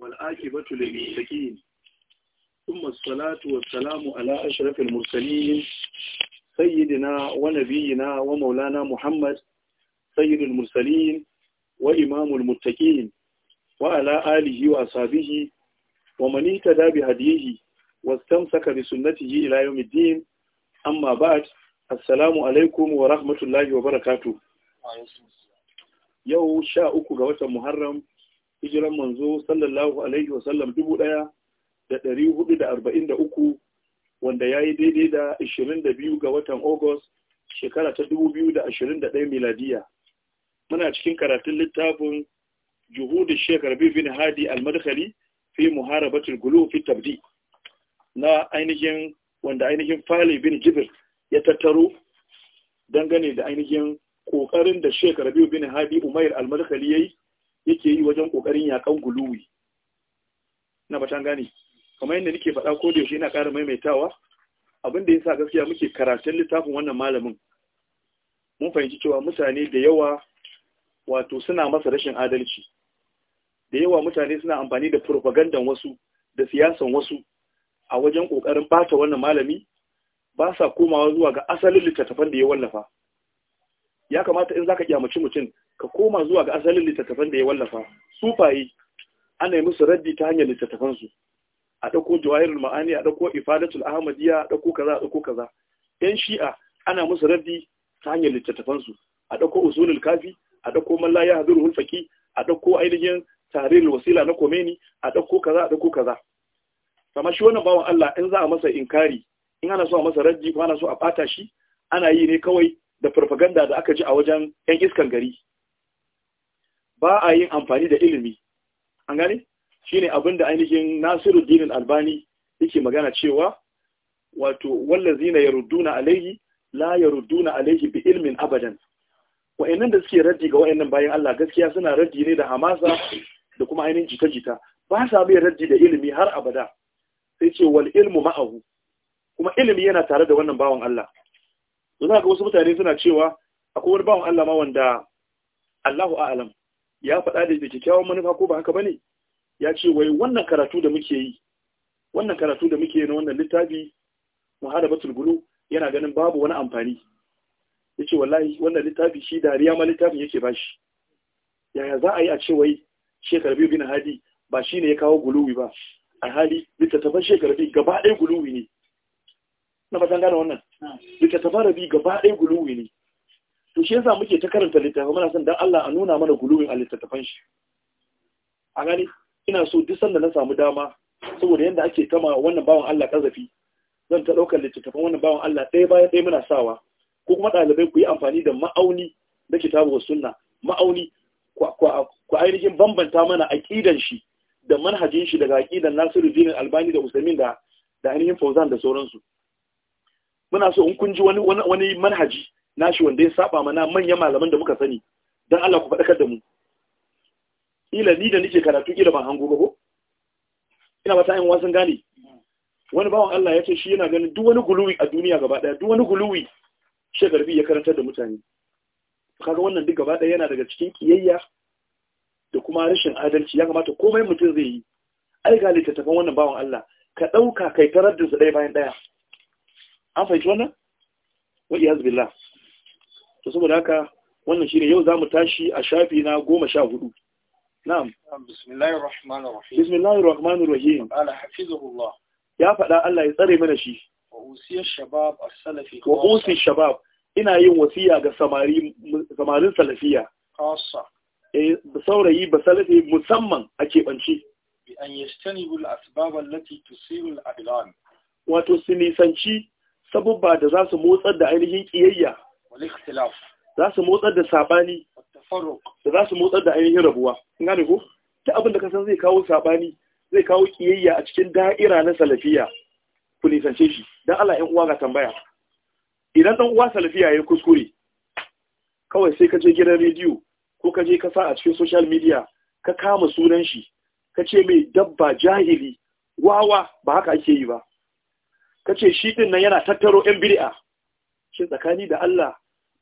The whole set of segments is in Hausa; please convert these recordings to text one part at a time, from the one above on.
والآكبة للمتقين ثم الصلاه والسلام على اشرف المرسلين سيدنا ونبينا ومولانا محمد سيد المرسلين وامام المتقين وعلى اله وأصحابه ومن اهتدى بهديه واستمسك بسنته الى يوم الدين اما بعد السلام عليكم ورحمه الله وبركاته يوم شاء أكو محرم hijiran manzo sallallahu alaihi wasallam dubu ɗaya da ɗari hudu da arba'in da uku wanda ya yi daidai da ashirin da biyu ga watan August shekara ta dubu biyu da ashirin da ɗaya miladiya. Muna cikin karatun littafin Juhudu Shekar bin Hadi Almadkhali fi muharabatul gulu fi tabdi na ainihin wanda ainihin Fali bin Jibir ya tattaro dangane da ainihin kokarin da Shekar bin Hadi Umair Almadkhali yayi yake yi wajen kokarin yakan guluwi na batan gane kamar yadda nake faɗa ko da yaushe ina ƙara maimaitawa abin da yasa gaskiya muke karatun littafin wannan malamin mun fahimci cewa mutane da yawa wato suna masa rashin adalci da yawa mutane suna amfani da propaganda wasu da siyasan wasu a wajen kokarin bata wannan malami ba sa komawa zuwa ga asalin littattafan da ya wallafa ya kamata in zaka kyamaci mutum ka koma zuwa ga asalin littattafan da ya wallafa sufaye ana yi musu raddi ta hanyar littattafan su a dauko jawahirul ma'ani a dauko ifadatul ahmadiyya a dauko kaza a dauko kaza yan shi'a ana musu raddi ta hanyar littattafan a dauko usulul kafi a dauko man la yahdhuruhul faqi a dauko ainihin tahrirul wasila na komeni a dauko kaza a dauko kaza kamar shi wannan bawan Allah in za a masa inkari in ana so a masa raddi ko ana so a ɓata shi ana yi ne kawai da farfaganda da aka ji a wajen yan iskan gari ba a yin amfani da ilimi an gane abin da ainihin Nasiru, dinin Albani yake magana cewa wato wallazina yarudduna alaihi la yarudduna alaihi bi ilmin abadan wa'annan da suke raddi ga wa'annan bayan Allah gaskiya suna raddi ne da hamasa da kuma ainihin jita-jita ba sa bai raddi da ilimi har abada sai ce wal ilmu ma'ahu kuma ilimi yana tare da wannan bawan Allah za ga wasu mutane suna cewa akwai wani bawan Allah ma wanda Allahu a'lam ya faɗa da kyakkyawan manufa ko ba haka bane ya ce wai wannan karatu da muke yi wannan karatu da muke yi na wannan littafi muharabatul gulu yana ganin babu wani amfani Ya ce, wallahi wannan littafi shi dariya ma littafin yake shi. yaya za a yi a ce wai shekar biyu bin hadi ba shi ne ya kawo guluwi ba a hali littattafan shekar biyu gaba ɗaya guluwi ne na fatan gane wannan littattafan rabi gaba ɗaya guluwi ne to shi yasa muke ta karanta littafin muna son dan Allah a nuna mana gulumin a littattafan shi a gani ina so duk sanda na samu dama saboda yanda ake kama wannan bawan Allah kazafi zan ta daukar littattafan wannan bawan Allah ɗaya bayan ɗaya muna sawa ko kuma ɗalibai ku yi amfani da ma'auni na kitabu wa sunna ma'auni ku ainihin bambanta mana aqidan shi da manhajin shi daga aqidan Nasiru Dinin Albani da Usaimin da da ainihin Fauzan da sauransu muna so in kun ji wani wani manhaji nashi wanda ya saba mana manyan malaman da muka sani don Allah ku faɗakar da mu ila ni da nike karatu ila ban hango ba ko ina ba ta yin wasan gane wani bawan Allah ya ce shi yana ganin duk wani guluwi a duniya gaba daya duk wani guluwi shagarbi ya karantar da mutane kaga wannan duk gaba daya yana daga cikin kiyayya da kuma rashin adalci ya kamata komai mutum zai yi ai ga littattafan wannan bawan Allah ka ɗauka kai tarar da su ɗaya bayan ɗaya an fahimci wannan wa iyaz billah to saboda haka wannan shine yau zamu tashi a shafi na 14 na'am bismillahir rahmanir ala ya faɗa Allah ya tsare mana shi wa shabab as-salafi ina yin wasiya ga samari samarin salafiya khassa eh saurayi ba salafi musamman a kebanci bi an yastanibu al-asbab allati al-adlan wato sinisanci nisanci sabubba da za su motsar da ainihin kiyayya za su motsar da sabani da za su motsar da ainihin rabuwa in gane ko ta abin da kasan zai kawo sabani zai kawo kiyayya a cikin da'ira na salafiya ku nisance shi dan Allah 'yan uwa ga tambaya idan ɗan uwa salafiya ya kuskure kawai sai ka je gidan rediyo ko ka je ka sa a cikin social media ka kama sunan shi ka ce mai dabba jahili wawa ba haka ake yi ba ka ce shi din nan yana tattaro yan bid'a shi tsakani da Allah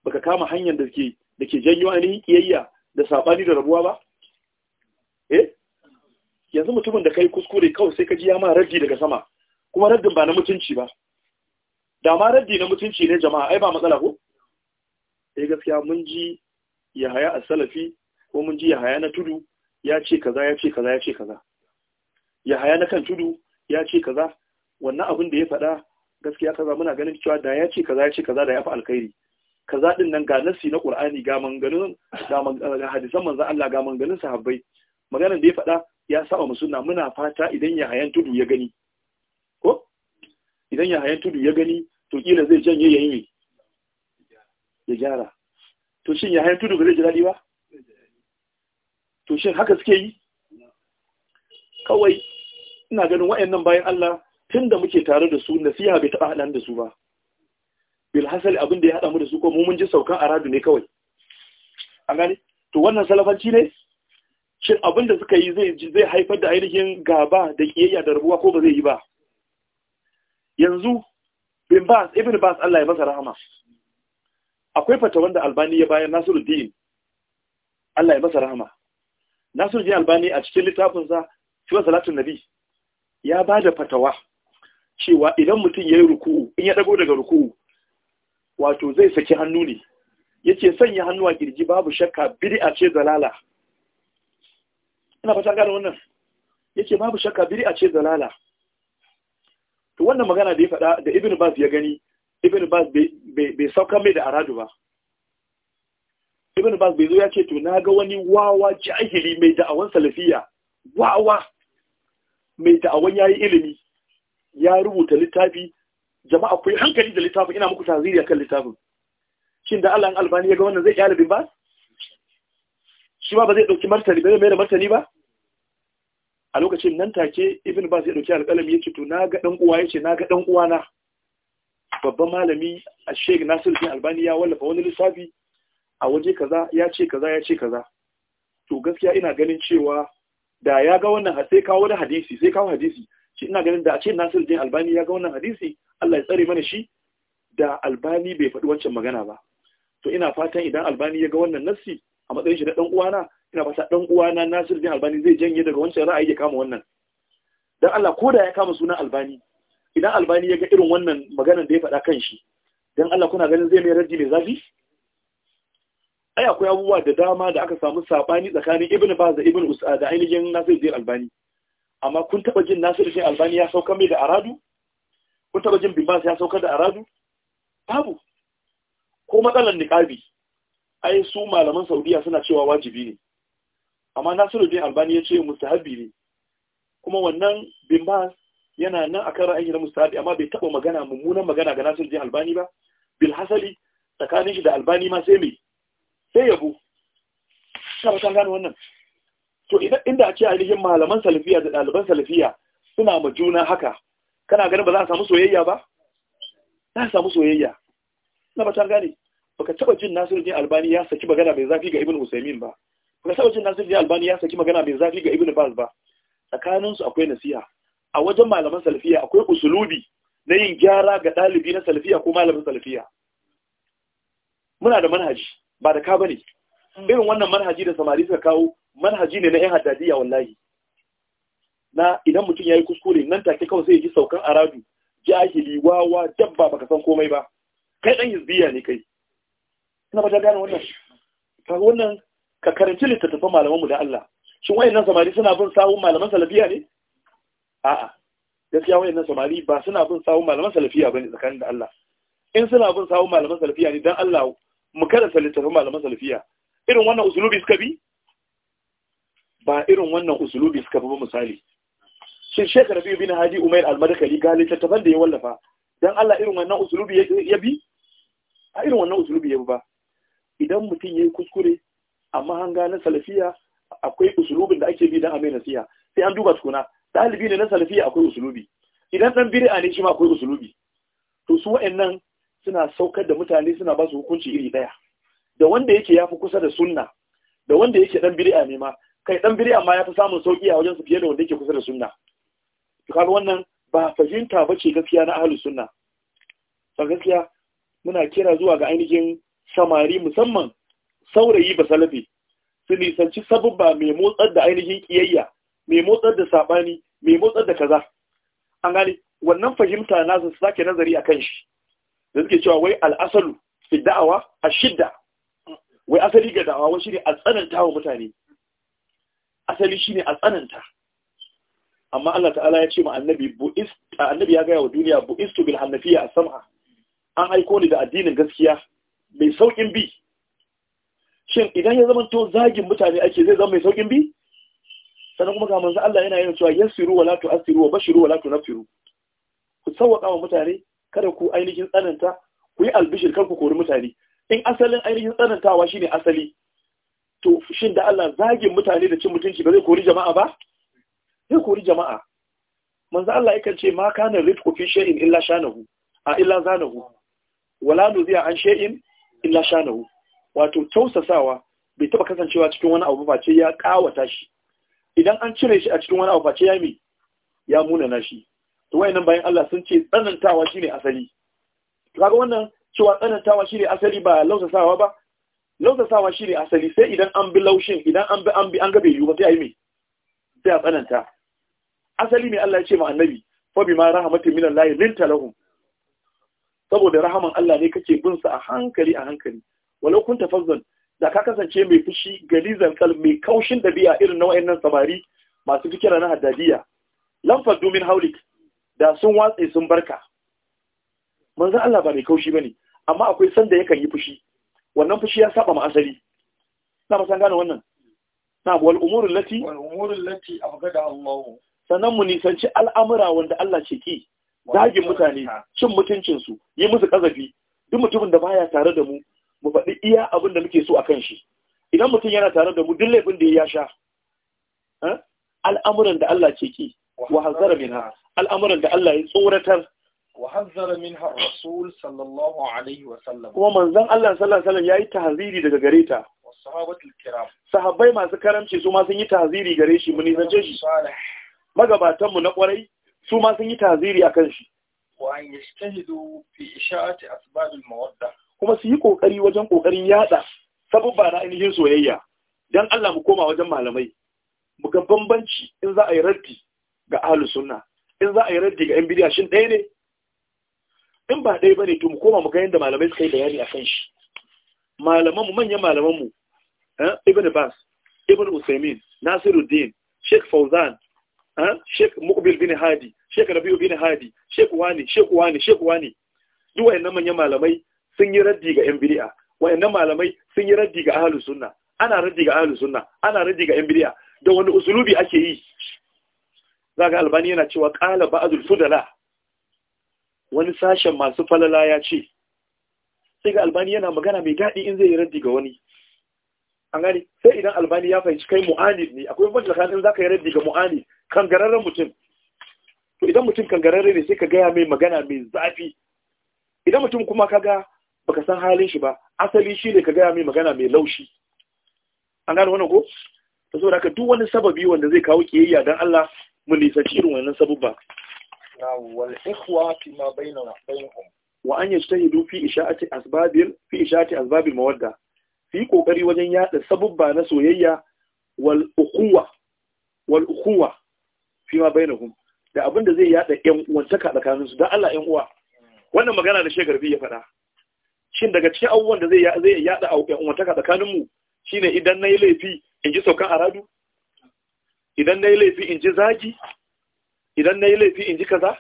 baka kama hanyar da ke da ke janyo ainihin kiyayya da saɓani da rabuwa ba eh yanzu mutumin da kai kuskure kawai sai ka ji ya ma raddi daga sama kuma raddin ba na mutunci ba da ma raddi na mutunci ne jama'a ai ba matsala ko eh gaskiya mun ji ya haya a salafi ko mun ji ya haya na tudu ya ce kaza ya ce kaza ya ce kaza ya haya na kan tudu ya ce kaza wannan abin da ya faɗa gaskiya kaza muna ganin cewa da ya ce kaza ya ce kaza da ya fi alkhairi kaza din nan ga nasi na qur'ani ga manganun ga eh, hadisan manzo Allah ga manganun sahabbai maganar da ya faɗa ya saba mu sunna muna fata idan ya hayan tudu ya gani ko idan ya hayan tudu ya gani to kila zai janye yayin ne ya gyara to shin ya hayan tudu ba zai ji daɗi ba to shin haka suke yi kawai ina ganin wa'annan bayan Allah tun da muke tare da su nasiha bai taɓa haɗa da su ba hasali abin da ya haɗa mu da su ko mun ji saukan aradu ne kawai a gani to wannan salafanci ne shin abin da suka yi zai haifar da ainihin gaba da kiyayya da rabuwa ko ba zai yi ba yanzu bin bas ibn bas Allah ya masa rahama akwai fata wanda albani ya bayar nasiruddin Allah ya masa rahama nasiruddin albani a cikin littafinsa shiwa salatun nabi ya ba da fatawa cewa idan mutum ya yi ruku'u in ya ɗago daga ruku'u wato zai saki hannu ne yace sanya hannu a kirji babu shakka bid'a ce dalala ina fata gane wannan yace babu shakka bid'a ce dalala to wannan magana da ya faɗa da Ibn Bas ya gani Ibn Bas bai sauka mai da aradu ba Ibn Bas bai zo ya ce to na ga wani wawa jahili mai da'awan salafiya wawa mai da'awan yayi ilimi ya rubuta littafi jama'a ku hankali da littafin ina muku taziri kan littafin shin da Allah albani ya ga wannan zai iya bin ba shi ba ba zai dauki martani ba mai da martani ba a lokacin nan take ibn ba zai dauki alƙalami yace to na ga dan uwa ce na ga dan uwa na babban malami a Sheikh Nasiruddin Albani ya wallafa wani lissafi a waje kaza ya ce kaza ya ce kaza to gaskiya ina ganin cewa da ya ga wannan sai kawo da hadisi sai kawo hadisi shi ina ganin da a ce Nasiruddin Albani ya ga wannan hadisi Allah ya tsare mana shi da Albani bai faɗi wancan magana ba to ina fatan idan Albani ya ga wannan nassi a matsayin shi na dan uwana ina fata dan uwana Nasiruddin Albani zai janye daga wancan ra'ayi ya kama wannan dan Allah ko da ya kama sunan Albani idan Albani ya ga irin wannan maganar da ya faɗa kan shi dan Allah kuna ganin zai mai raddi mai zafi ai akwai abubuwa da dama da aka samu sabani tsakanin Ibn Baz da Ibn Usad da ainihin Nasiruddin Albani amma kun taba jin Nasiru Shin Albani ya sauka mai da aradu kun taba jin Bimbas ya sauka da aradu babu ko matsalar niqabi ai su malaman Saudiya suna cewa wajibi ne amma Nasiru Shin Albani ya ce mustahabi ne kuma wannan Bimbas yana nan akan ra'ayi na mustahabi amma bai taba magana mummunan magana ga Nasiru Shin Albani ba bil tsakanin shi da Albani ma sai me sai yabo sai ta gano wannan so idan inda a ce ainihin malaman salafiya da ɗaliban salafiya suna ma juna haka kana ganin ba za a samu soyayya ba za a samu soyayya na ba ta gane baka taba jin Nasiruddin Albani ya saki magana mai zafi ga Ibn Usaimin ba baka taba jin Nasiruddin Albani ya saki magana mai zafi ga Ibn Baz ba tsakanin su akwai nasiha a wajen malaman salafiya akwai usulubi na yin gyara ga ɗalibi na salafiya ko malamin salafiya muna da manhaji ba da ka bane hmm. irin wannan manhaji da samari suka kawo manhaji ne na yan haddadiya wallahi na idan mutum yayi kuskure nan take kawai sai ya ji saukan arabi jahili wawa dabba baka san komai ba kai dan hizbiya ne kai ina ba ta gane wannan ka wannan ka karanci littattafan malaman mu da Allah shin wayannan samari suna bin sawun malaman salafiya ne a'a gaskiya wayannan samari ba suna bin sawun malaman salafiya bane tsakanin da Allah in suna bin sawun malaman salafiya ne dan Allah mu karanta littattafan malaman salafiya irin wannan usulubi suka bi ba irin wannan usulubi suka fi ba misali shin shek rabi na hadi umair al-madakali ga littattafan da ya wallafa dan Allah irin wannan usulubi ya bi a irin wannan usulubi ya bi ba idan mutum yayi kuskure amma an na salafiya akwai usulubin da ake bi dan amai nasiha sai an duba tukuna dalibi ne na salafiya akwai usulubi idan dan bid'a ne shi ma akwai usulubi to su wa'annan suna saukar da mutane suna ba su hukunci iri daya da wanda yake yafi kusa da sunna da wanda yake dan bid'a ne ma kai dan biri amma ya fi samun sauki a wajen su fiye da wanda yake kusa da sunna to kaga wannan ba fahimta ba ce gaskiya na ahlus sunna to gaskiya muna kira zuwa ga ainihin samari musamman saurayi ba salafi su nisanci sabubba mai motsar da ainihin kiyayya mai motsar da sabani mai motsar da kaza an gane wannan fahimta na su sake nazari a kan shi da suke cewa wai al'asalu fi da'awa a shidda wai asali ga da'awa shi ne a tsananta wa mutane asali shine a tsananta amma Allah ta'ala ya ce ma annabi bu'is annabi ya gaya wa duniya bu'istu bil hanafiya as-sam'a an aiko ni da addinin gaskiya mai saukin bi shin idan ya zama to zagin mutane ake zai zama mai saukin bi sannan kuma ga manzo Allah yana yin cewa yasiru wala tu'siru wa bashiru wala tunfiru ku sawwaka wa mutane kada ku ainihin tsananta ku yi albishir kar ku kori mutane in asalin ainihin tsanantawa shine asali to shin da Allah zagin mutane da cin mutunci ba zai kori jama'a ba zai kori jama'a manzo Allah yakan ce ma kana ku fi shay'in illa shanahu a illa zanahu wala nuzi'a an shay'in illa shanahu wato tausasawa bai taba kasancewa cikin wani abu face ya kawata shi idan an cire shi a cikin wani abu face ya mi ya munana shi to wayannan bayan Allah sun ce tsanantawa shine asali kaga wannan cewa tsanantawa shine asali ba lausasawa ba lausasawa shi ne asali sai idan an bi laushin idan an bi an bi an gabe yiwu sai a yi mai sai a tsananta asali ne Allah ya ce ma annabi fa bima rahmatin min Allah linta lahum saboda rahaman Allah ne kake bin sa a hankali a hankali walau kun tafazzal da ka kasance mai fushi galizan kal mai kaushin dabi'a irin na wayannan samari masu fikira na haddadiya lam domin min haulik da sun watse sun barka manzan Allah ba mai kaushi ne, amma akwai sanda yakan yi fushi wannan fushi ya saba ma'asari. asali na basan gane wannan na wal umurul lati wal sannan mu nisanci al'amura wanda Allah ce ki zagin mutane cin mutuncin su yi musu kazafi duk mutumin da baya tare da mu mu faɗi iya abin da muke so a kan shi idan mutum yana tare da mu duk laifin da ya sha eh, al'amuran da Allah ce ki wa hazara minha al'amuran da Allah ya tsoratar وحذر منها الرسول صلى الله عليه وسلم ومن زن الله صلى الله عليه وسلم يأي تهذيري دقا غريتا والصحابة الكرام صحابي ما سكرم شي سوما سنجي تهذيري غريشي من إذن جيشي صالح مقباتا منقوري سوما سنجي تهذيري أكنشي وأن يجتهدوا في إشاءة أسباب المودة kuma su yi ƙoƙari wajen ƙoƙarin yaɗa sabubba na ainihin soyayya don Allah mu koma wajen malamai mu ga bambanci in za a yi raddi ga ahlus sunna in za a yi raddi ga yan bidiya shin ɗaya ne in ba ɗaya ne to mu koma mu ga yadda malamai suka yi bayani akan shi malaman mu manyan malaman mu eh, ibn bas ibn usaimin nasiruddin sheikh fauzan eh, sheikh muqbil bin hadi sheikh rabi'u bin hadi sheikh wani sheikh wani sheikh wani duk wayannan manyan malamai sun yi raddi ga yan bid'a wayannan malamai sun yi raddi ga ahlus sunna ana raddi ga ahlus sunna ana raddi ga yan bid'a da wani usulubi ake yi zaga albani yana cewa qala ba'dul fudala wani sashen masu falala ya ce sai ga albani yana magana mai daɗi in zai yi raddi ga wani an gani sai idan albani ya fahimci kai mu'anid ne akwai wanda kan za ka yi raddi ga mu'anid kangararren mutum to idan mutum kangararre ne sai ka gaya mai magana mai zafi idan mutum kuma ka ga baka san halin shi ba asali shi ne ka gaya mai magana mai laushi an gani wannan ko ta saboda haka duk wani sababi wanda zai kawo kiyayya dan Allah mu nisanci irin wannan sabubba wal ikhwa fi ma fi isha'ati asbabil fi isha'ati asbabil mawadda fi kokari wajen yada sabubba na soyayya wal ukhuwa wal ukhuwa fi ma bainahum da abin da zai yada yan uwantaka tsakanin su da Allah yan uwa wannan magana da shegarbi ya faɗa shin daga cikin abubuwan da zai zai yada yan uwantaka tsakanin mu shine idan nayi laifi in ji saukan aradu idan nayi laifi in ji zagi idan na yi laifi in ji kaza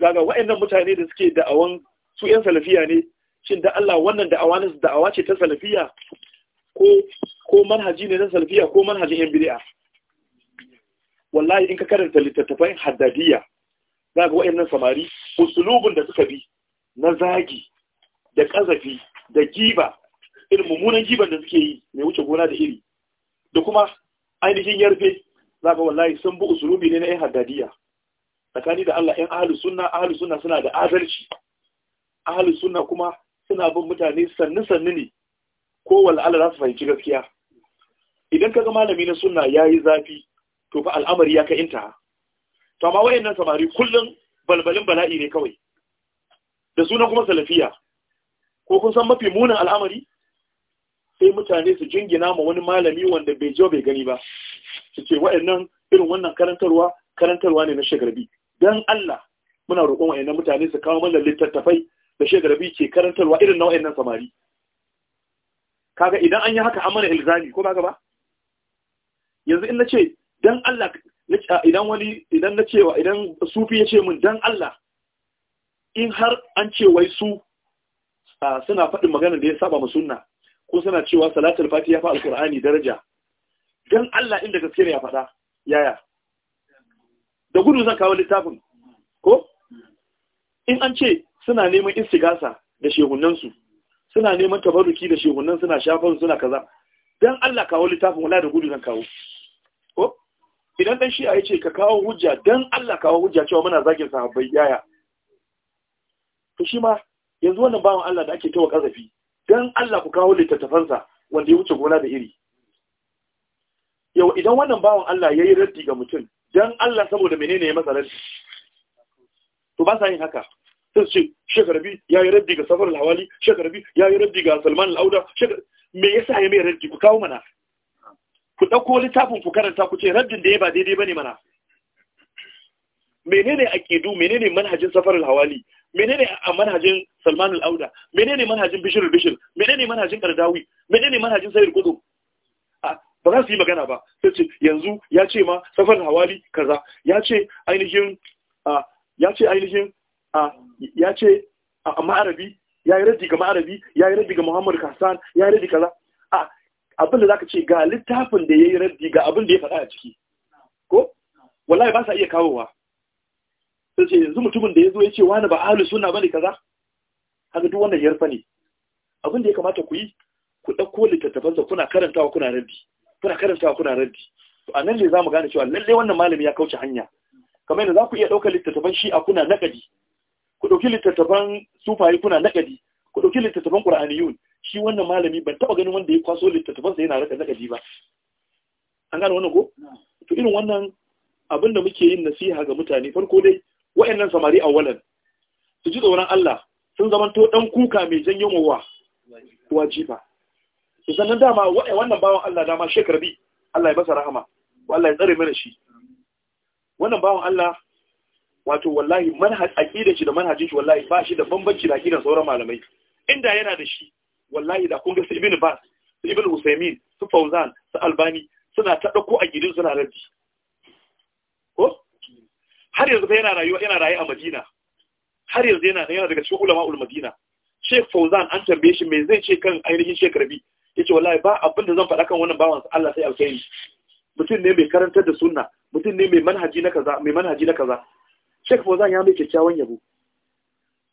gaga wa'annan mutane da suke da'awan su 'yan salafiya ne shin da Allah wannan da'awa ne da'awa ce ta salafiya ko ko manhaji ne na salafiya ko manhajin yan bid'a wallahi in ka karanta littattafan haddadiya zaga wa'annan samari usulubun da suka bi na zagi da kazafi da giba irin mummunan giban da suke yi mai wuce gona da iri da kuma ainihin yarfe za ga wallahi sun bi usulubi ne na yan haddadiya tsakani da Allah yan ahlus suna suna suna da adalci ahlus suna kuma suna bin mutane sannu sannu ne ko wal Allah za su fahimci gaskiya idan ka ga malami na ya yi zafi to fa al'amari ya kai inta to amma nan samari kullum balbalin bala'i ne kawai da sunan kuma salafiya ko kun san mafi munin al'amari sai mutane su jingina ma wani malami wanda bai jiwa bai gani ba su ce wa'annan irin wannan karantarwa karantarwa ne na shagarbi Don Allah muna roƙon wa'annan mutane su kawo mana littattafai da shagarbi ke karantarwa irin na wa'annan samari kaga idan an yi haka an mana ilzami ko ba ba yanzu in nace dan Allah ah, idan wani idan nace wa idan sufi ya ce min dan Allah in har an ce wai su ah, suna faɗin magana da ya saba ma sunna ko suna cewa salatul fatiha fa alqur'ani daraja don Allah inda gaske ne ya faɗa yaya da gudu zan kawo littafin ko in an ce suna neman istigasa da shehunansu suna neman tabaruki da shehunan suna shafan suna kaza don Allah kawo littafin wala da gudu zan kawo ko idan dan shi'a yace ka kawo hujja don Allah kawo hujja cewa muna zagin sahabbai yaya to shi ma yanzu wannan bawan Allah da ake tawa kazafi don Allah ku kawo littattafansa wanda ya wuce gona da iri yau idan wannan bawan Allah ya yi raddi ga mutum don Allah saboda menene ya masa raddi to ba sa yin haka sai ce shekarabi ya yi raddi ga safar alhawali shekarabi ya yi raddi ga salman al'auda me yasa ya mai raddi ku kawo mana ku ɗauko littafin ku karanta ku ce raddin da ya ba daidai bane mana menene aqidu menene manhajin safar alhawali menene a manhajin salman al'auda menene manhajin bishir bishir menene manhajin kardawi menene manhajin Sayar Gudu? ba za su yi magana ba sai ce yanzu ya ce ma safar hawali kaza ya ce ainihin ya ce ainihin ya ce ma'arabi ya yi raddi ga ma'arabi ya yi raddi ga muhammadu kasan ya yi raddi kaza a abin da ka ce ga littafin da ya yi raddi ga abin da ya faɗa a ciki ko wallahi ba sa iya kawowa sai ce yanzu mutumin da ya zo ya ce wani ba suna ba bane kaza haka duk wannan yarfa ne abin da ya kamata ku yi ku ɗauko littattafansa kuna karantawa kuna raddi kuna karantawa kuna raddi to a nan ne za mu gane cewa lalle wannan malami ya kauce hanya kamar yadda za ku iya ɗaukar littattafan a kuna naƙadi ku ɗauki littattafan sufaye kuna naƙadi ku ɗauki littattafan ƙur'aniyun shi wannan malami ban taɓa ganin wanda ya kwaso sa yana raka naƙadi ba an gane wannan ko to irin wannan abin da muke yin nasiha ga mutane farko dai wa'annan samari awalan su ji tsoron Allah sun zamanto ɗan kuka mai janyo mawa wajiba to sannan dama wannan bawan Allah dama shekarbi Allah ya masa rahama Allah ya tsare mana shi wannan bawan Allah wato wallahi manhaj aqida shi da manhajin shi wallahi ba shi da bambanci da aqidar sauran malamai inda yana da shi wallahi da kun ga Ibn Bas Ibn Usaymin su Fauzan su Albani suna ta dauko gidin suna raddi ko har yanzu yana rayuwa yana rayu a Madina har yanzu yana yana daga cikin ul Madina Sheikh Fauzan an tambaye shi me zai ce kan ainihin Sheikh Rabi yace wallahi ba abin da zan faɗa kan wannan bawan Allah sai alkhairi mutum ne mai karantar da sunna mutum ne mai manhaji na kaza mai manhaji na kaza Sheikh Fauzan ya mai kyakkyawan yabo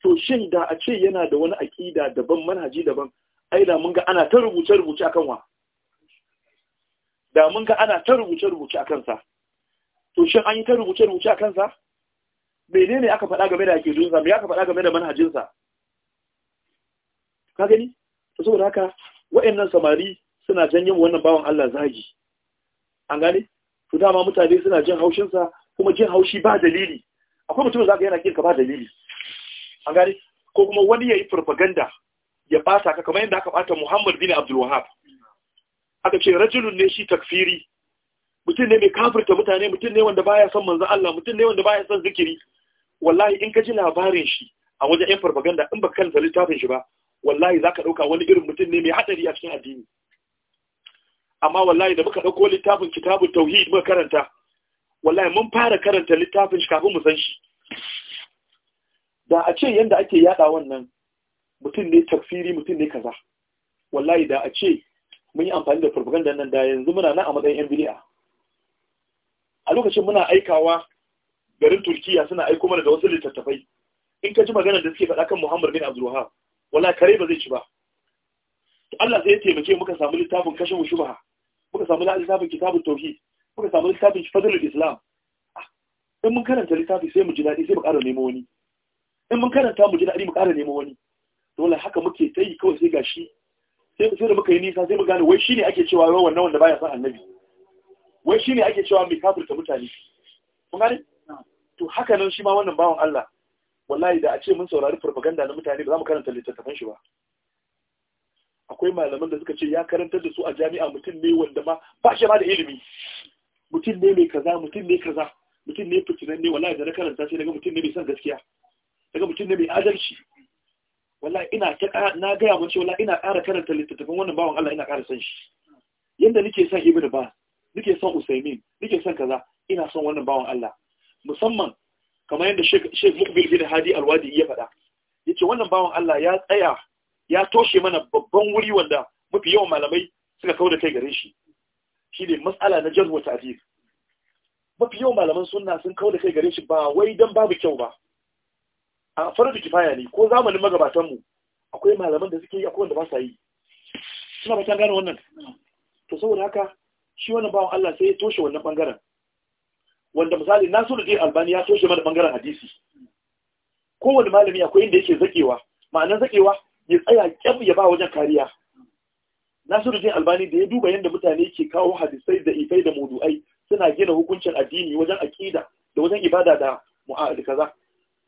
to shin da a ce yana da wani aƙida daban manhaji daban ai da mun ga ana ta rubuce-rubuce akan wa da mun ga ana ta rubuce-rubuce akan sa to shin an yi ta rubuce-rubuce akan sa menene aka faɗa game da aƙidunsa me aka faɗa game da manhajinsa ka gani to saboda haka wa'annan samari suna janyen wannan bawan Allah zagi an gane to dama mutane suna jin haushin sa kuma jin haushi ba dalili akwai mutum zaka yana kirka ba dalili an gane ko kuma wani yayi propaganda ya bata ka kamar yadda aka bata Muhammad bin Abdul Wahhab aka ce rajulun ne shi takfiri mutum ne mai kafirta mutane mutum ne wanda baya son manzo Allah mutum ne wanda baya son zikiri wallahi in ka ji labarin shi a wajen yan propaganda in baka kanta littafin shi ba wallahi ka ɗauka wani irin mutum ne mai haɗari a cikin addini amma wallahi da muka ɗauko littafin kitabun tauhid muka karanta wallahi mun fara karanta littafin shi kafin mu san shi da a ce yanda ake yada wannan mutum ne tafsiri mutum ne kaza wallahi da a ce mun yi amfani da farfaganda nan da yanzu muna nan a matsayin yan biliya a lokacin muna aikawa garin Turkiya suna aiko mana da wasu littattafai in ka ji magana da suke faɗa kan Muhammad bin Abdul wala kare ba zai ci ba to Allah sai ya taimake muka samu littafin shubaha, mu shubha muka samu littafin kitabun tauhid muka samu littafin fadlul islam in mun karanta littafi sai mu ji daɗi sai mu ƙara nemo wani in mun karanta mu ji daɗi mu ƙara nemo wani dole haka muke ta yi kawai sai gashi sai sai da muka yi nisa sai mu gane wai shine ake cewa wai wannan wanda baya son annabi wai shine ake cewa mai kafirta mutane kun gane to haka nan shi ma wannan bawon Allah wallahi da a ce mun saurari farfaganda na mutane ba za mu karanta littattafan shi ba akwai malaman da suka ce ya karantar da su a jami'a mutum ne wanda ma ba shi ma da ilimi mutum ne mai kaza mutum ne kaza mutum ne fitinan ne wallahi da na karanta sai daga mutum ne mai san gaskiya daga mutum ne mai adalci wallahi ina ta na gaya mun ce wallahi ina ƙara karanta littattafan wannan bawan Allah ina ƙara san shi yanda nake son Ibn Ba nake son Usaimin nake son kaza ina son wannan bawan Allah musamman kamar yadda Sheikh Mukbil bin Hadi Alwadi ya faɗa yace wannan bawan Allah ya tsaya ya toshe mana babban wuri wanda mafi yawan malamai suka kauda da kai gare shi shine matsala na jarwa ta'dil mafi yawan malaman sunna sun kauda da kai gare shi ba wai dan babu kyau ba a farko kifaya ne ko zamanin magabatan mu akwai malaman da suke yi akwai wanda ba sa yi suna ba ta gane wannan to saboda haka shi wannan bawan Allah sai ya toshe wannan bangaren wanda misali da Albani ya toshe mana bangaren hadisi kowane malami akwai inda yake zakewa ma'anar zakewa ya tsaya kyaf ya ba wajen kariya da Albani da ya duba yadda mutane ke kawo hadisai da ifai da mudu'ai suna gina hukuncin addini wajen aƙida da wajen ibada da mu'amala kaza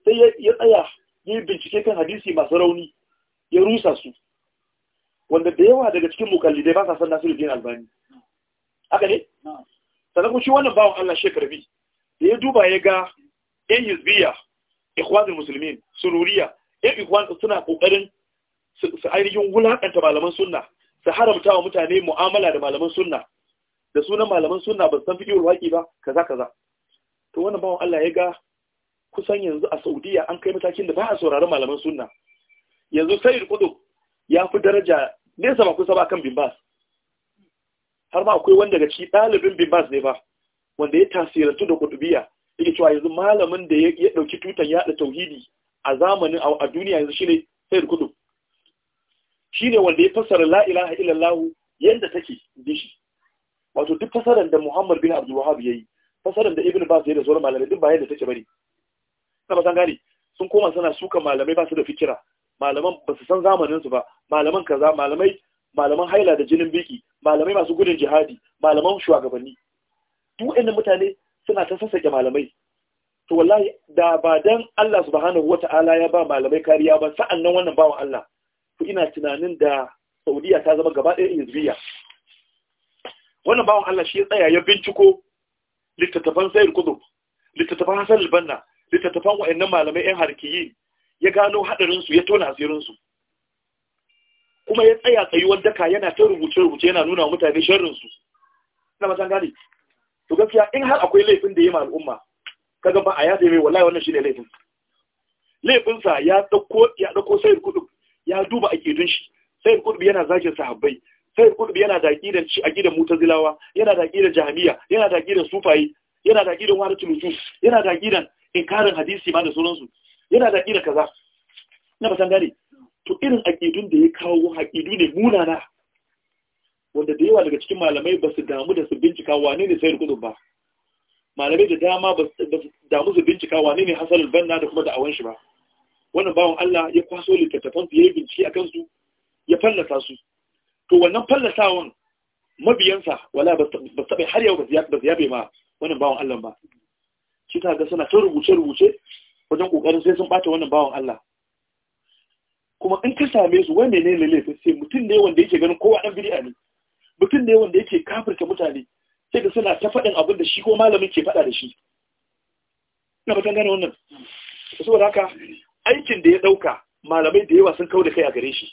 sai ya tsaya ya bincike kan hadisi masu rauni ya rusa su wanda da yawa daga cikin mukallidai ba sa san Nasiruddin Albani haka ne sannan kuma shi wannan bawon Allah shekarbi da ya duba ya ga yan yuzbiya ikhwanul musulmi sururiya yan ikhwan suna ƙoƙarin su ainihin wulaƙanta malaman sunna su haramta wa mutane mu'amala da malaman sunna da sunan malaman sunna ba su san fiqhul waƙi ba kaza kaza to wannan bawan Allah ya ga kusan yanzu a Saudiya an kai matakin da ba a saurari malaman sunna yanzu sai Qutb ya fi daraja nesa ba kusa ba kan Bimbas har ma akwai wanda daga ci ɗalibin Bimbas ne ba wanda ya tasirantu da kutubiya yake cewa yanzu malamin da ya dauki tutan yada tauhidi a zamanin a duniya yanzu shine da kudu shine wanda ya fassara la ilaha illallah yanda take dishi wato duk fasaran da Muhammad bin Abdul Wahhab yayi fasaran da Ibn Baz yayi da sauran malamai duk ba yanda take bane kuma san gani sun koma suna suka malamai ba su da fikira malaman ba su san zamanin su ba malaman kaza malamai malaman haila da jinin biki malamai masu gudun jihadi malaman shugabanni duk waɗannan mutane suna ta sassake malamai to wallahi da ba dan Allah subhanahu wata'ala ya ba malamai kariya ba sa'an nan wannan bawan Allah to ina tunanin da Saudiya ta zama gaba ɗaya hizbiya wannan bawan Allah shi ya tsaya ya binciko littattafan Sayyid Qutb littattafan Hassan al-Banna littattafan waɗannan malamai ɗan harkiyi ya gano hadarin su ya tona asirin su kuma ya tsaya tsayuwar daka yana ta rubuce-rubuce yana nuna mutane sharrin su na matan gane to gaskiya in har akwai laifin da ya ma al'umma ka ba a yafe mai wallahi wannan shine laifin laifinsa ya dauko ya dauko sayyid kudub ya duba akidun shi sayyid kudub yana zagin sahabbai sayyid kudub yana da akidan shi akidan mutazilawa yana da akidan jahmiya yana da akidan sufayi yana da akidan wadatul wujud yana da akidan inkarin hadisi ma da sauransu yana da akidan kaza na ba san gane to irin akidun da ya kawo akidu ne munana wanda da yawa daga cikin malamai ba su damu da su bincika wane ne sayar kudin ba malamai da dama ba su damu su bincika wane ne hasar banna da kuma awon shi ba wannan bawan Allah ya kwaso littattafan su ya yi bincike a kansu ya fallasa su to wannan fallasawan mabiyansa wala ba su taɓa har yau ba su yabe ma wannan bawan Allah ba shi ta ga suna ta rubuce-rubuce wajen ƙoƙarin sai sun bata wannan bawan Allah kuma in ka same su wanne ne ne sai mutum ne wanda yake ganin kowa dan bid'a ne mutum ne wanda yake kafirta mutane sai da suna ta faɗin abin da shi ko malamin ke faɗa da shi ina batan gane wannan saboda haka aikin da ya ɗauka malamai da yawa sun kau da kai a gare shi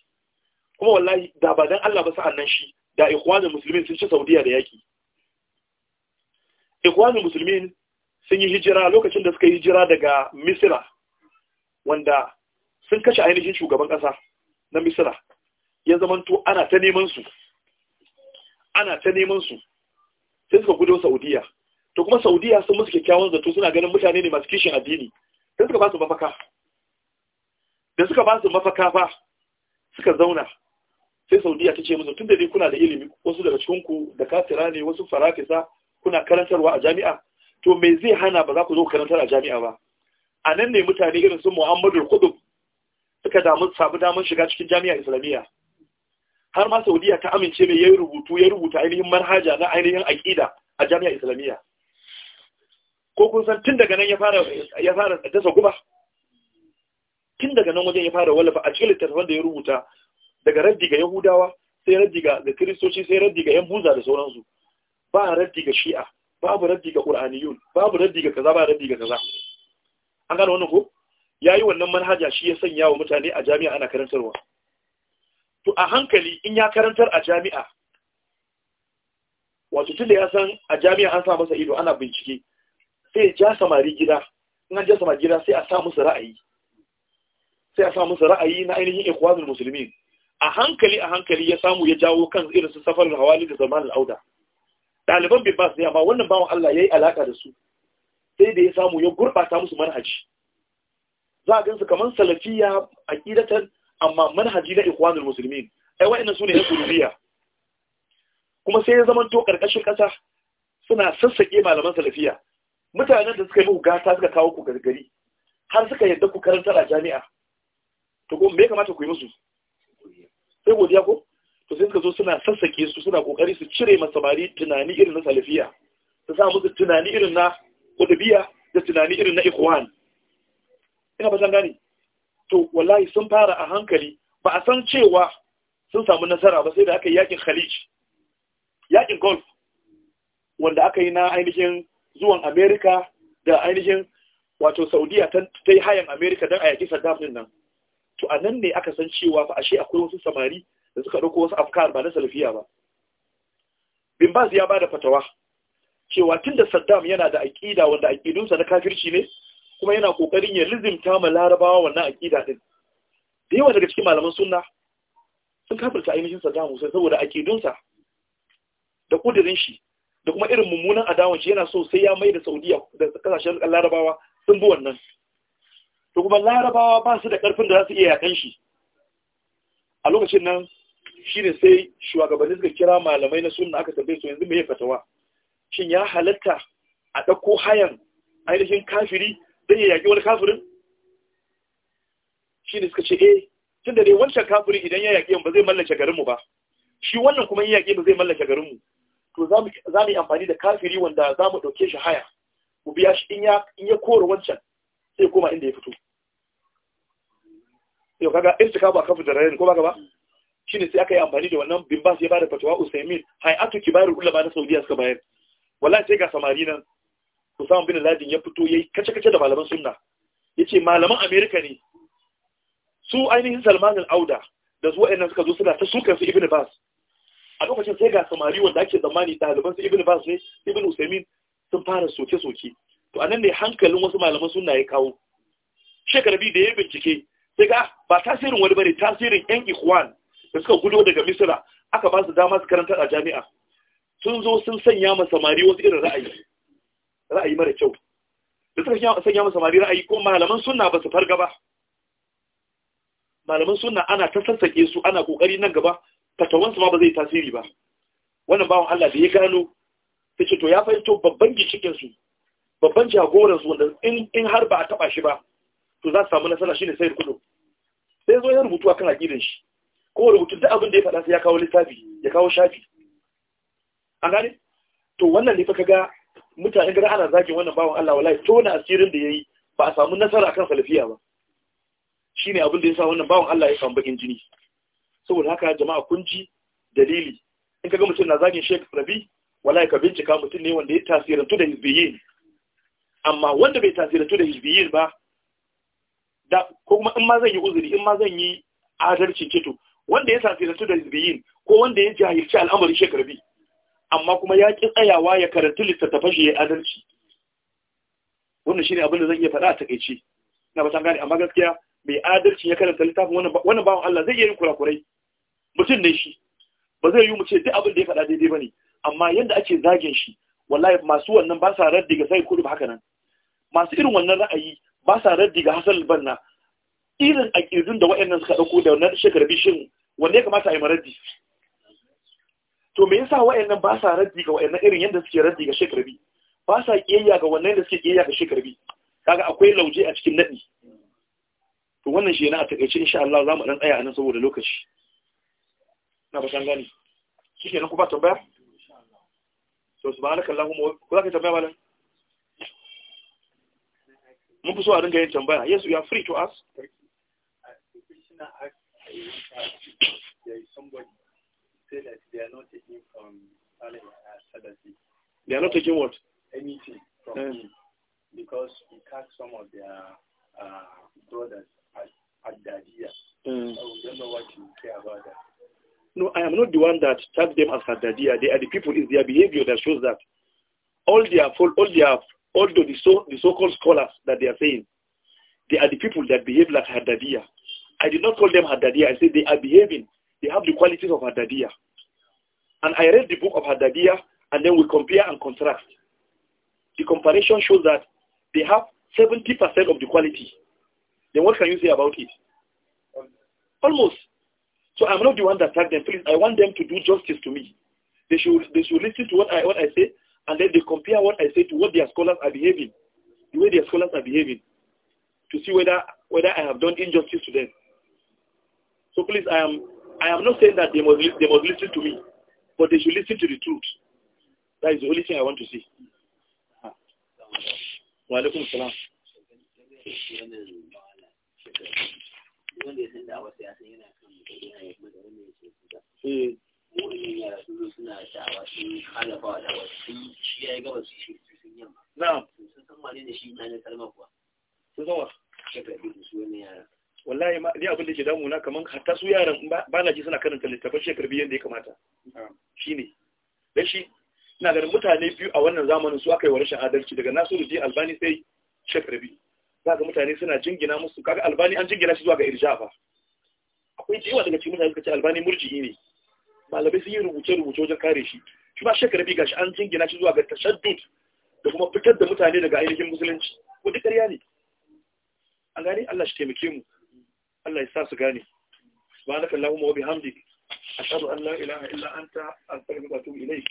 kuma wallahi da ba dan Allah ba sa'an nan shi da ikhwanul muslimin sun ci Saudiya da yaki ikhwanul muslimin sun yi hijira lokacin da suka yi hijira daga Misira wanda sun kashe ainihin shugaban ƙasa na Misira ya zamanto ana ta neman su ana ta neman su sai suka gudo saudiya to kuma saudiya sun musu kyakkyawan zato suna ganin mutane ne masu kishin addini sai suka ba su mafaka da suka ba su mafaka fa suka zauna sai saudiya ta ce musu tun da dai kuna da ilimi wasu daga cikinku da kafira ne wasu farafisa kuna karantarwa a jami'a to me zai hana ba za ku zo karantar a jami'a ba a nan ne mutane irin su muhammadu Kudu suka damu samu damar shiga cikin jami'a islamiyya har ma saudiya ta amince mai yayi rubutu ya rubuta ainihin manhaja na ainihin aƙida a jami'a islamiyya ko kun san tun daga nan ya fara ya fara dasa guba tun daga nan wajen ya fara wallafa a cikin littattafan da ya rubuta daga raddi ga yahudawa sai raddi ga da kiristoci sai raddi ga yan buza da sauransu ba raddi ga shi'a babu raddi ga qur'aniyun babu raddi ga kaza ba raddi ga kaza an gano wannan ko yayi wannan manhaja shi ya sanya wa mutane a jami'a ana karantarwa to a hankali in ya karantar a jami'a wato tunda ya san a jami'a an sa masa ido ana bincike sai ja samari gida in an ja samari gida sai a sa musu ra'ayi sai a sa musu ra'ayi na ainihin ikhwanul muslimin a hankali a hankali ya samu ya jawo kan irin su safarar hawali da zamanin al'auda ɗaliban bin bas ne amma wannan bawan Allah ya yi alaƙa da su sai da ya samu ya gurɓata musu manhaji za a gansu kamar salafiya a ƙidatar amma manhaji na ikwanul musulmin, ai wa'annan sune na kulubiya. kuma sai ya zama to karkashin kasa suna sassake malaman salafiya mutanen da suka yi muku gata suka kawo ku gargari har suka yadda ku karanta a jami'a to ko me kamata ku yi musu sai godiya ko to sai suka zo suna sassake su suna kokari su cire ma samari tunani irin na salafiya su sa musu tunani irin na kudubiya da tunani irin na ikwan ina ba san gani to wallahi sun fara a hankali ba a san cewa sun samu nasara ba sai da aka yi yakin khalij yakin golf wanda aka yi na ainihin zuwan america da ainihin wato saudiya ta yi hayan america don a yaki saddam din nan to a nan ne aka san cewa fa ashe akwai wasu samari da suka ɗauko wasu afkar ba na salafiya ba bin ya ba da fatawa cewa tun da saddam yana da aƙida wanda aƙidunsa na kafirci ne kuma yana kokarin ya lizimta ma larabawa wannan akida din da yawa daga cikin malaman sunna sun kafirta ainihin Saddam Hussein saboda akidunsa da kudirin shi da kuma irin mummunan adawan shi yana so sai ya mai da Saudiya da kasashen larabawa sun bi wannan to kuma larabawa ba su da karfin da za su iya yakan shi a lokacin nan shi ne sai shugabanni suka kira malamai na sunna aka tambaye su yanzu mai ya fatawa shin ya halatta a ɗauko hayan ainihin kafiri zai iya yaƙi wani kafirin shi ne suka ce eh tun da dai wancan kafiri idan ya yaƙi ba zai mallake garinmu ba shi wannan kuma ya yaƙi ba zai mallake garinmu to za mu yi amfani da kafiri wanda za mu ɗauke shi haya mu biya shi in ya kore wancan sai koma inda ya fito yau kaga irtika ba kafin da rayu ko baka ba shi ne sai aka yi amfani da wannan bimbas ya bada fatawa usaimin hay'atu kibarul ulama na saudiya suka bayar wallahi sai ga samari nan Usama bin Laden ya fito yayi kace-kace da malaman sunna yace malaman America ne su ainihin Salman al-Auda da zuwa ɗan suka zo suna ta sukan su Ibn Bas a lokacin sai ga samari wanda ake zamani daliban su Ibn Bas ne Ibn Usaimin sun fara soke-soke to anan ne hankalin wasu malaman sunna ya kawo shekarabi da ya bincike sai ga ah, ba tasirin wani bane tasirin yan ikhwan da suka gudo daga Misra aka ba su dama su karanta a jami'a sun zo sun sanya ma samari wasu irin ra'ayi ra'ayi mara kyau Duk da suka sanya masa mari ra'ayi ko malaman sunna ba su farga ba malaman sunna ana ta sassake su ana kokari nan gaba fatawansu ma ba zai tasiri ba wannan bawan Allah da ya gano ta ce to ya fahimto babban gicikin su babban jagoran su wanda in har ba a taba shi ba to za su samu nasara shine sayar kudu sai zo ya rubutu akan aqidan shi ko rubutu duk abin da ya faɗa sai ya kawo littafi ya kawo shafi an gane to wannan ne fa kaga mutane gara ana zagin wannan bawan Allah wallahi tona asirin da yayi ba a samu nasara kan salafiya ba shine abin da yasa wannan bawan Allah ya samu bakin jini saboda haka jama'a kun ji dalili in kaga mutum na zagin Sheikh Rabi wallahi ka bincika mutum ne wanda ya tasirantu da hizbiyin amma wanda bai tasirantu da hizbiyin ba da ko kuma in ma zan yi uzuri in ma zan yi adalci ce to wanda ya tasirantu da hizbiyin ko wanda ya jahilci al'amarin Sheikh Rabi amma kuma ya ƙi tsayawa ya karanta littattafa shi ya yi adalci wannan shi ne abinda zan iya faɗa a takaici ina basan gani amma gaskiya mai adalci ya karanta littafin wannan bawan Allah zai iya yin kurakurai mutum ne shi ba zai yi mu ce duk abin da ya faɗa daidai ba ne. amma yadda ake zagin shi wallahi masu wannan ba sa raddi ga sai kudu haka nan masu irin wannan ra'ayi ba sa raddi ga Hassan Banna irin akidun da waɗannan suka dauko da wannan shekarar bishin wanda ya kamata a yi maraddi to me yasa wa'annan ba sa raddi ga wa'annan irin yadda suke raddi ga shekar bi ba sa kiyayya ga wannan da suke kiyayya ga shekar bi kaga akwai lauje a cikin nadi to wannan shi yana a takeice insha Allah mu dan tsaya anan saboda lokaci na ba san gani shike na kuma tambaya to wa ku zaka tambaya malam mun fi so a dinga yin tambaya yes ya are free to ask somebody say that they are not taking from Sadati. They are not taking what? Anything from yeah. Because we cut some of their uh, brothers at, Hadadiah. Dadia. Mm. don't know what you care about that. No, I am not the one that tagged them as Hadadia. They are the people. It's their behavior that shows that. All their, all their, all the, so, the so-called scholars that they are saying, they are the people that behave like Hadadia. I did not call them Hadadia. I said they are behaving. They have the qualities of Hadadia. And I read the book of Hadadiah, and then we compare and contrast. The comparison shows that they have 70% of the quality. Then what can you say about it? Almost. So I'm not the one that tagged them. Please, I want them to do justice to me. They should, they should listen to what I, what I say, and then they compare what I say to what their scholars are behaving, the way their scholars are behaving, to see whether, whether I have done injustice to them. So please, I am, I am not saying that they must, they must listen to me. but they should listen to the truth. That is the only thing I want to see. Ah. Wa alaikum salam. Na'am. Sun san wane ne shi na ne kalmar kuwa. Sun san wa? Shekaru su wani yara. wallahi ma ni abin da ke damuna kaman hatta su yaran ba na ji suna karanta littafin shekaru biyu da ya kamata shine dan shi ina ganin mutane biyu a wannan zamanin su aka yi wa rashin adalci daga Nasiruddin Albani sai shekaru biyu kaga mutane suna jingina musu kaga Albani an jingina shi zuwa ga irja ba akwai jiwa daga cikin mutane suka ce Albani murji'i ne malabai sun yi rubuce rubuce wajen kare shi shi ba shekaru biyu gashi an jingina shi zuwa ga tashaddud da kuma fitar da mutane daga ainihin musulunci ko duk ƙarya ne an gani Allah shi taimake mu Allah ya sa su gane subhanakallahumma wa bihamdik ashhadu an la ilaha illa anta astaghfiruka wa atubu ilayk